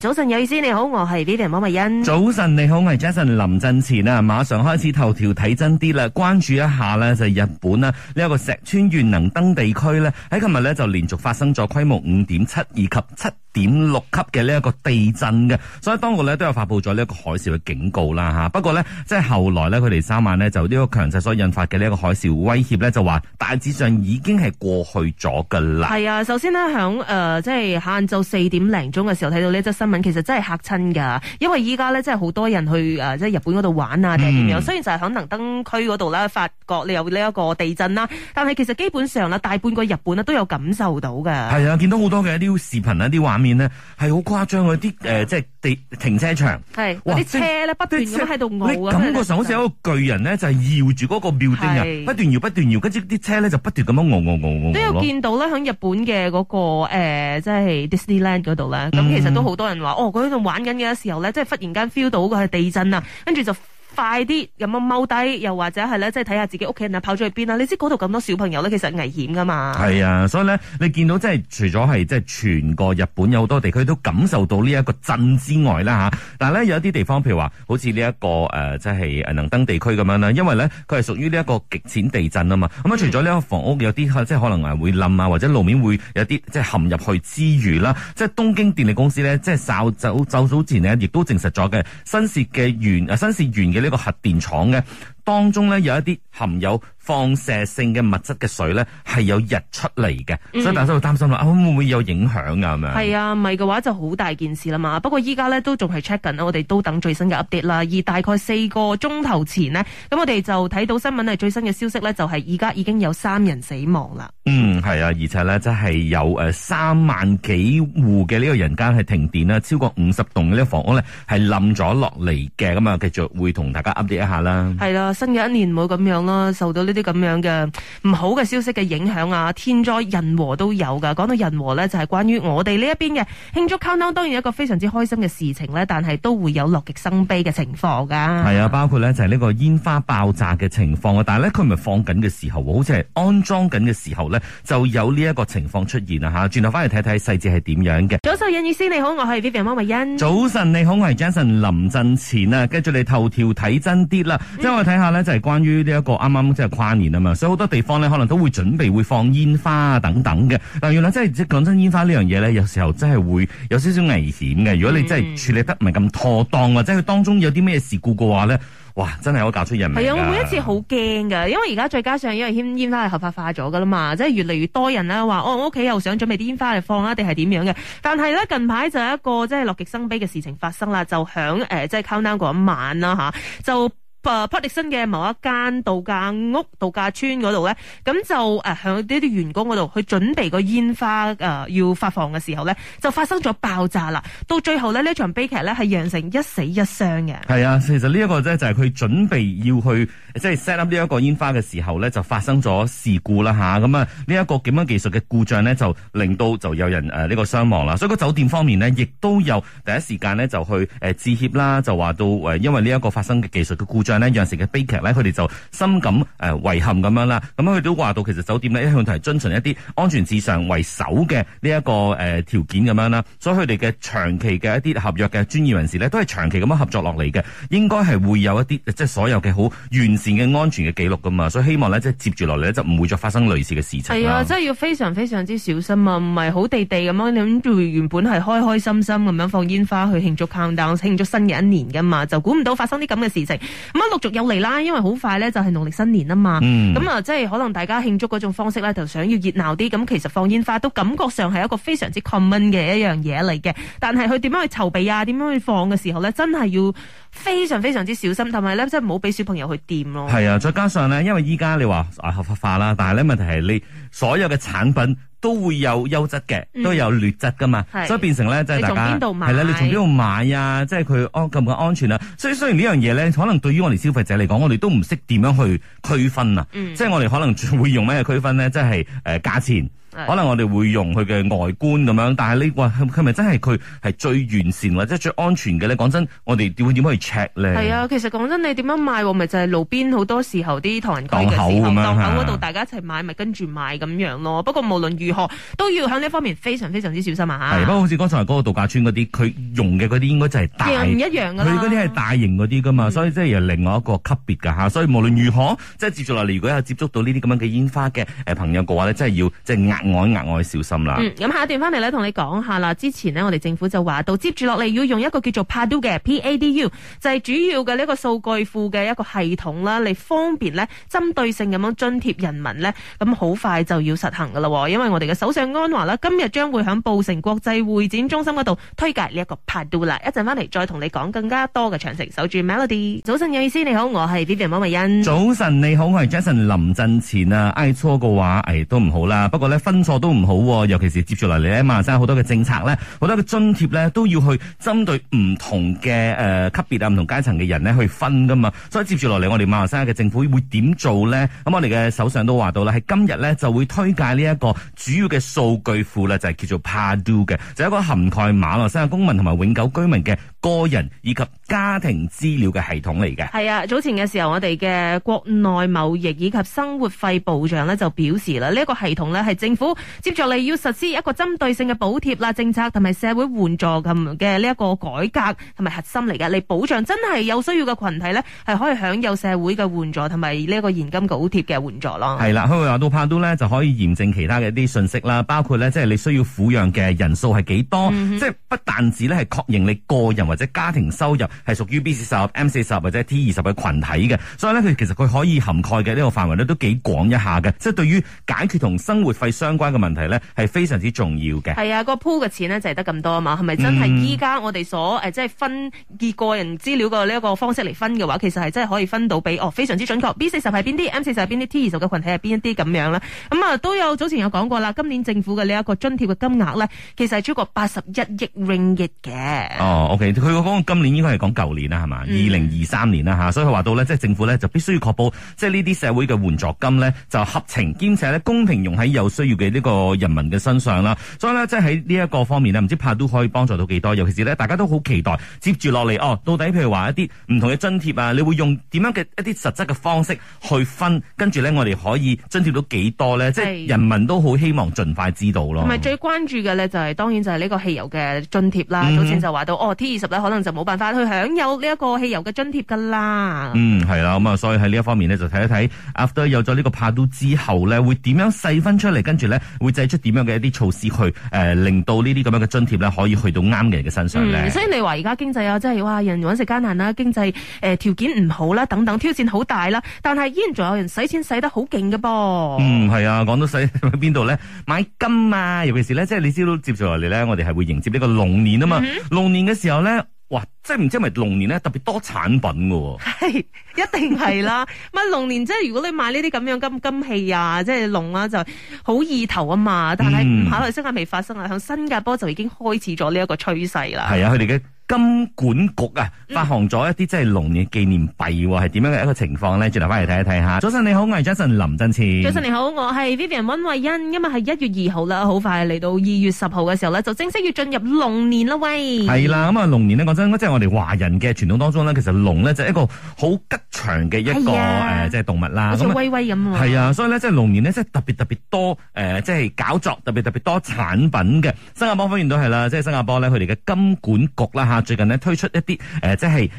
早晨，有意思，你好，我係 Melody 莫文欣。早晨，你好，我係 Jason 林振前啊！馬上開始頭條睇真啲啦，關注一下咧就係、日本啦呢一個石川縣能登地區咧喺琴日咧就連續發生咗規模五點七二級、七點六級嘅呢一個地震嘅，所以當局咧都有發布咗呢一個海嘯嘅警告啦吓。不過咧即係後來咧，佢哋三晚咧就呢個強震所引發嘅呢一個海嘯威脅咧就話大致上已經係過去咗噶啦。係啊，首先咧響誒即係下晝四點零鐘嘅時候睇到呢則新。其實真係吓親噶，因為依家咧真係好多人去誒，即係日本嗰度玩啊，定係點樣？嗯、雖然就係響能登區嗰度啦，發覺你有呢一個地震啦，但係其實基本上啦，大半個日本咧都有感受到噶。係啊，見到好多嘅啲視頻啊，啲畫面呢，係好誇張嘅，啲誒即係地停車場係啲是哇車咧不斷咁喺度搖。感覺上好似有個巨人呢，就係繞住嗰個廟頂啊，是不斷搖不斷搖，跟住啲車咧就不斷咁樣搖搖搖。都有見到啦，響日本嘅嗰、那個誒，即係 Disneyland 嗰度啦，咁、就是嗯、其實都好多人。話哦，佢喺度玩緊嘅時候咧，即係忽然間 feel 到佢係地震啊，跟住就。快啲有冇踎低，又或者係咧，即係睇下自己屋企人啊跑咗去邊啦？你知嗰度咁多小朋友咧，其實危險噶嘛。係啊，所以咧，你見到即係除咗係即係全個日本有好多地區都感受到呢一個震之外啦吓，但係咧有一啲地方譬如話好似呢一個誒即係能登地區咁樣啦，因為咧佢係屬於呢一個極淺地震啊嘛。咁啊，除咗呢個房屋有啲即係可能係會冧啊，或者路面會有啲即係陷入去之餘啦，即係東京電力公司咧即係稍走早早前呢，亦都證實咗嘅新潟嘅原。啊新潟源嘅呢。一個核電廠嘅。當中咧有一啲含有放射性嘅物質嘅水咧，係有日出嚟嘅。嗯、所以大家都擔心啦、啊、會唔會有影響啊？咁樣係啊，唔係嘅話就好大件事啦嘛。不過依家咧都仲係 check 緊，我哋都等最新嘅 update 啦。而大概四個鐘頭前呢，咁我哋就睇到新聞係最新嘅消息咧，就係而家已經有三人死亡啦。嗯，係啊，而且咧即係有誒三萬幾戶嘅呢個人間係停電啦，超過五十棟嘅呢個房屋咧係冧咗落嚟嘅。咁啊，繼續會同大家 update 一下啦。係啦。新嘅一年唔好咁樣啦，受到呢啲咁樣嘅唔好嘅消息嘅影響啊，天災人禍都有噶。講到人禍呢，就係關於我哋呢一邊嘅慶祝 countdown，當然有一個非常之開心嘅事情呢，但係都會有樂極生悲嘅情況噶。係啊，包括呢就係呢個煙花爆炸嘅情況啊，但係呢，佢唔係放緊嘅時候，好似係安裝緊嘅時候呢，就有呢一個情況出現啦吓，轉頭翻嚟睇睇細節係點樣嘅。早晨，演藝師你好，我係 Vivian M 麥欣。早晨你好，我係 Jason 林振前啊。跟住嚟頭條睇真啲啦，即係我睇下。就係關於呢一個啱啱即係跨年啊嘛，所以好多地方咧可能都會準備會放煙花啊等等嘅。但原來真係即講真煙花呢樣嘢咧，有時候真係會有少少危險嘅。如果你真係處理得唔係咁妥當啊，嗯、即係佢當中有啲咩事故嘅話咧，哇，真係可以搞出人命。係啊，我每一次好驚噶，因為而家再加上因為牽煙花係合法化咗噶啦嘛，即係越嚟越多人啦話哦，我屋企又想準備啲煙花嚟放啊，定係點樣嘅？但係咧近排就有一個即係樂極生悲嘅事情發生啦，就響誒、呃、即係 countdown 嗰晚啦吓、啊、就。誒，波特遜嘅某一間度假屋、度假村嗰度咧，咁就誒響呢啲員工嗰度去準備個煙花誒、呃、要發放嘅時候咧，就發生咗爆炸啦。到最後咧，呢場悲劇咧係釀成一死一傷嘅。係啊，其實呢一個咧就係佢準備要去即係、就是、set up 呢一個煙花嘅時候咧，就發生咗事故啦吓。咁啊呢一個咁樣技術嘅故障咧，就令到就有人誒呢、呃這個傷亡啦。所以個酒店方面呢，亦都有第一時間咧就去誒致歉啦，就話到誒因為呢一個發生嘅技術嘅故障。呢樣時嘅悲劇咧，佢哋就深感誒、呃、遺憾咁樣啦。咁樣佢都話到，其實酒店呢，一向都係遵循一啲安全至上為首嘅呢一個誒、呃、條件咁樣啦。所以佢哋嘅長期嘅一啲合約嘅專業人士呢，都係長期咁樣合作落嚟嘅，應該係會有一啲即係所有嘅好完善嘅安全嘅記錄噶嘛。所以希望呢，即係接住落嚟呢，就唔會再發生類似嘅事情。係啊，真係要非常非常之小心啊！唔係好地地咁樣，諗住原本係開開心心咁樣放煙花去慶祝 countdown，慶祝新嘅一年噶嘛，就估唔到發生啲咁嘅事情。咁陸續有嚟啦，因為好快咧就係農曆新年啊嘛。咁啊、嗯，即係可能大家慶祝嗰種方式咧，就想要熱鬧啲。咁其實放煙花都感覺上係一個非常之 common 嘅一樣嘢嚟嘅。但係佢點樣去籌備啊？點樣去放嘅時候咧，真係要非常非常之小心，同埋咧即係唔好俾小朋友去掂咯。係啊，再加上咧，因為依家你話合法化啦，但係咧問題係你所有嘅產品。都會有優質嘅，嗯、都會有劣質噶嘛，是所以變成咧即係大家係啦，你從邊度買啊？即係佢安，夠唔夠安全啊？所以雖然呢樣嘢咧，可能對於我哋消費者嚟講，我哋都唔識點樣去區分啊。即係、嗯、我哋可能會用咩區分咧？即係誒價錢。可能我哋會用佢嘅外觀咁樣，但係你話佢係咪真係佢係最完善或者最安全嘅咧？講真，我哋點會點去 check 咧？係啊，其實講真，你點樣買咪就係路邊好多時候啲唐人街嘅時候，檔口嗰度大家一齊買，咪跟住買咁樣咯。不過無論如何，都要喺呢方面非常非常之小心啊！係，不過好似剛才嗰個度假村嗰啲，佢用嘅嗰啲應該就係大唔一樣。佢嗰啲係大型嗰啲噶嘛，所以即係另外一個級別㗎嚇。所以無論如何，即係接住落嚟，如果有接觸到呢啲咁樣嘅煙花嘅誒朋友嘅話咧，真係要即係我額外小心啦。嗯，咁下一段翻嚟咧，同你講下啦。之前呢，我哋政府就話到接住落嚟要用一個叫做 PADU 嘅 P A D U, U，就係主要嘅呢個數據庫嘅一個系統啦，嚟方便呢，針對性咁樣津貼人民呢，咁好快就要實行噶啦，因為我哋嘅首相安話安華啦，今日將會響布城國際會展中心嗰度推介呢一個 PADU 啦。一陣翻嚟再同你講更加多嘅詳情。守住 Melody，早晨有意思。你好，我係 B B 馬慧欣。早晨你好，我係 Jason 林振前啊，挨錯嘅話，誒都唔好啦。不過呢，分。工作都唔好，尤其是接住落嚟咧，馬來西亞好多嘅政策咧，好多嘅津貼咧，都要去針對唔同嘅誒、呃、級別啊、唔同階層嘅人咧去分噶嘛。所以接住落嚟，我哋馬來西亞嘅政府會點做咧？咁我哋嘅首相都話到啦，喺今日咧就會推介呢一個主要嘅數據庫啦，就係、係、叫做 PADU 嘅，就係、一個涵蓋馬來西亞公民同埋永久居民嘅。個人以及家庭資料嘅系統嚟嘅，係啊，早前嘅時候我哋嘅國內貿易以及生活費保障呢，就表示啦，呢、這、一個系統呢，係政府接住你要實施一個針對性嘅補貼啦、政策同埋社會援助同嘅呢一個改革同埋核心嚟嘅，你保障真係有需要嘅群體呢，係可以享有社會嘅援助同埋呢一個現金補貼嘅援助咯。係啦、啊，去到都怕都呢，就可以驗證其他嘅一啲信息啦，包括呢，即係你需要撫養嘅人數係幾多，即係、嗯、哼不但止呢，係確認你個人。或者家庭收入係屬於 B 四十、M 四十或者 T 二十嘅群體嘅，所以咧佢其實佢可以涵蓋嘅呢個範圍咧都幾廣一下嘅，即係對於解決同生活費相關嘅問題咧係非常之重要嘅。係啊，個 pool 嘅錢咧就係得咁多啊嘛，係咪真係依家我哋所誒即係分以個人資料嘅呢一個方式嚟分嘅話，其實係真係可以分到俾哦非常之準確。B 四十係邊啲？M 四十係邊啲？T 二十嘅群體係邊一啲咁樣咧？咁、嗯、啊都有早前有講過啦。今年政府嘅呢一個津貼嘅金額咧，其實係超過八十一億 ringgit 嘅。哦，OK。佢個講今年應該係講舊年啦，係嘛？二零二三年啦吓、嗯啊，所以佢話到咧，即、就、係、是、政府咧就必須要確保，即係呢啲社會嘅援助金咧就合情兼且咧公平用喺有需要嘅呢個人民嘅身上啦。所以咧，即係喺呢一個方面咧，唔知拍都可以幫助到幾多？尤其是咧，大家都好期待接住落嚟哦。到底譬如話一啲唔同嘅津貼啊，你會用點樣嘅一啲實質嘅方式去分？跟住咧，我哋可以津貼到幾多咧？是即係人民都好希望盡快知道咯。同埋最關注嘅咧，就係、是、當然就係呢個汽油嘅津貼啦。早前就話到、嗯、哦可能就冇辦法去享有呢一個汽油嘅津貼噶啦。嗯，係啦，咁啊，所以喺呢一方面呢，就睇一睇 After 有咗呢個 PADU 之後呢，會點樣細分出嚟，跟住呢，會製出點樣嘅一啲措施去誒、呃，令到呢啲咁樣嘅津貼呢，可以去到啱嘅人嘅身上咧、嗯。所以你話而家經濟啊，即係哇，人揾食艱難啦、啊，經濟誒條件唔好啦、啊，等等挑戰好大啦、啊，但係依然仲有人使錢使得好勁㗎噃。嗯，係啊，講到使去邊度呢？買金啊，尤其是咧，即係你知道接住落嚟呢，我哋係會迎接呢個龍年啊嘛，龍、嗯、年嘅時候呢。哇！即係唔知係咪龍年咧，特別多產品嘅、啊，係一定係啦。咪龍 年即係如果你買呢啲咁樣金金器啊，即係龍啊，就好意頭啊嘛。但係馬來西亞未發生啊，向、嗯、新加坡就已經開始咗呢一個趨勢啦。係啊，佢哋嘅。金管局啊，發行咗一啲即係龍年紀念幣、啊，係點、嗯、樣嘅一個情況咧？轉頭翻嚟睇一睇嚇。早晨你好，我係 Jason 林振千。早晨你好，我係 Vivian 溫慧欣。今日係一月二號啦，好快嚟到二月十號嘅時候咧，就正式要進入龍年啦喂。係啦、啊，咁啊龍年呢，講真即係、就是、我哋華人嘅傳統當中咧，其實龍咧就是一個好吉祥嘅一個誒，即係、哎呀呃就是、動物啦，好似威威咁喎、啊。係啊，所以咧即係龍年咧，即、就、係、是、特別特別多誒，即、呃、係、就是、搞作特別，特別特別多產品嘅。新加坡方面都係啦，即、就、係、是、新加坡咧，佢哋嘅金管局啦嚇。最近咧推出一啲誒、呃，即係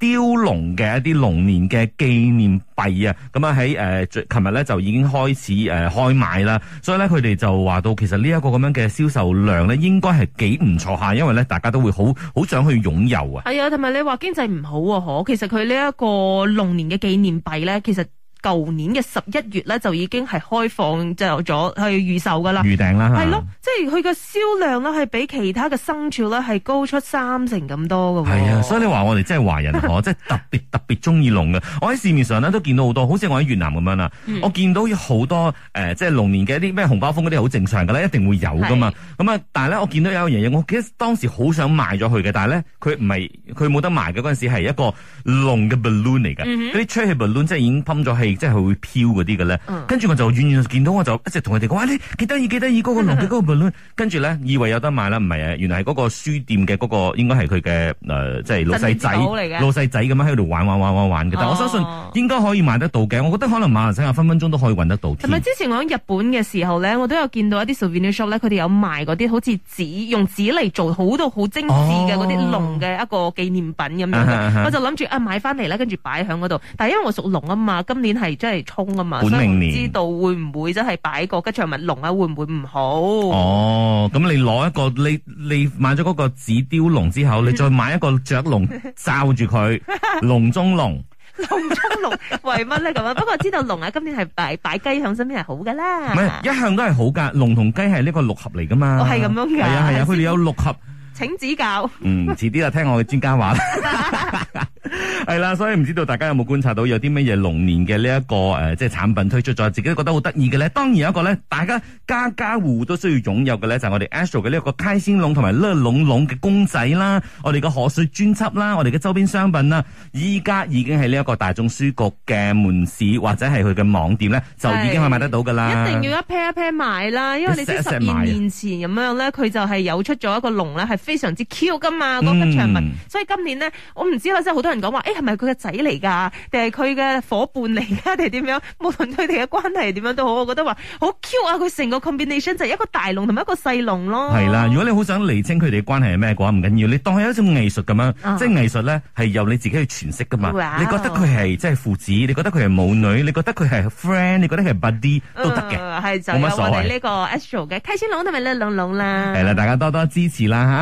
雕龍嘅一啲龍年嘅紀念幣啊！咁啊喺誒，琴、呃、日咧就已經開始誒、呃、開賣啦。所以咧，佢哋就話到，其實呢一個咁樣嘅銷售量咧，應該係幾唔錯下，因為咧大家都會好好想去擁有啊。係啊，同埋你話經濟唔好嗬，其實佢呢一個龍年嘅紀念幣咧，其實。舊年嘅十一月咧，就已經係開放就咗去預售噶啦。預訂啦，係咯的，的即係佢嘅銷量咧，係比其他嘅生肖咧係高出三成咁多嘅。係啊，所以你話我哋真係華人可，即係 特別特別中意龍嘅。我喺市面上咧都見到好多，好似我喺越南咁樣啦。嗯、我見到好多誒、呃，即係龍年嘅一啲咩紅包封嗰啲好正常嘅咧，一定會有噶嘛。咁啊的，但係咧我見到有樣嘢，我記得當時好想賣咗佢嘅，但係咧佢唔係佢冇得賣嘅嗰陣時係一個龍嘅 balloon 嚟嘅，嗰啲、嗯、哼吹氣 balloon 即係已經噴咗氣。即係會飄嗰啲嘅咧，嗯、跟住我就遠遠見到，我就一直同佢哋講話咧，幾得意幾得意，嗰、嗰個龍嘅嗰個布攞，跟住咧以為有得賣啦，唔係啊，原來係嗰個書店嘅嗰、嗰個應該係佢嘅誒，即係老細仔老細仔咁樣喺度玩玩玩玩玩嘅。但我相信應該可以買得到嘅，哦、我覺得可能馬來西亞分分鐘都可以揾得到。同埋之前我喺日本嘅時候咧，我都有見到一啲 souvenir shop 佢哋有賣嗰啲好似紙用紙嚟做好到好精緻嘅嗰啲龍嘅一個紀念品咁樣、啊、哈我就諗住啊買翻嚟啦，跟住擺喺嗰度。但係因為我屬龍啊嘛，今年。係真係沖啊嘛，本命年，所以唔知道會唔會真係擺個吉祥物龍啊，會唔會唔好？哦，咁你攞一個你你買咗嗰個紫雕龍之後，你再買一個雀龍罩住佢，龍中龍，龍中龍為乜咧咁啊？不過知道龍啊，今年係擺擺雞響身邊係好噶啦。唔係一向都係好噶，龍同雞係呢個六合嚟噶嘛，我係咁樣噶，係啊係啊，佢哋有六合，請指教，嗯，遲啲啊，聽我嘅專家話。係啦，所以唔知道大家有冇觀察到有啲乜嘢龍年嘅呢一個、呃、即係產品推出咗，自己都覺得好得意嘅咧。當然一個咧，大家家家戶戶都需要擁有嘅咧，就係、是、我哋 Astro 嘅呢一個開先龍同埋呢個龍龍嘅公仔啦，我哋嘅賀歲專輯啦，我哋嘅周邊商品啦，依家已經係呢一個大眾書局嘅門市或者係佢嘅網店咧，就已經可以買得到噶啦。一定要一 pair 一 pair 買啦，因為你知十二年前咁樣咧，佢、啊、就係有出咗一個龍咧，係非常之 Q 噶嘛，嗰幅場物。嗯、所以今年呢，我唔知啊，真好多人講話，欸係咪佢嘅仔嚟噶？定係佢嘅夥伴嚟？家定點樣？無論佢哋嘅關係係點樣都好，我覺得話好 cute 啊！佢成個 combination 就係一個大龍同一個細龍咯。係啦，如果你好想厘清佢哋嘅關係係咩嘅話，唔緊要，要，你當係一種藝術咁樣，啊、即係藝術咧係由你自己去詮釋噶嘛。哇你覺得佢係即係父子，你覺得佢係母女，你覺得佢係 friend，你覺得佢係 but 啲都得嘅，冇乜、呃、所謂。呢個 a 龍龍 s h l e 嘅開心龍同埋咧兩龍啦，係啦，大家多多支持啦吓。